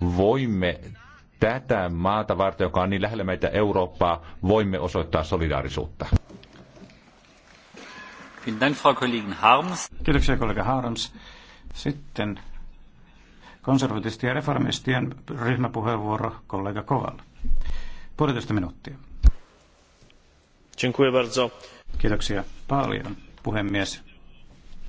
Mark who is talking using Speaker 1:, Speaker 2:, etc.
Speaker 1: voimme tätä maata varten, joka on niin lähellä meitä Eurooppaa, voimme osoittaa solidaarisuutta.
Speaker 2: Kiitoksia kollega Harms. Sitten konservatistien ja reformistien ryhmäpuheenvuoro kollega Koval. Puolitoista minuuttia.
Speaker 3: Kiitoksia paljon, puhemies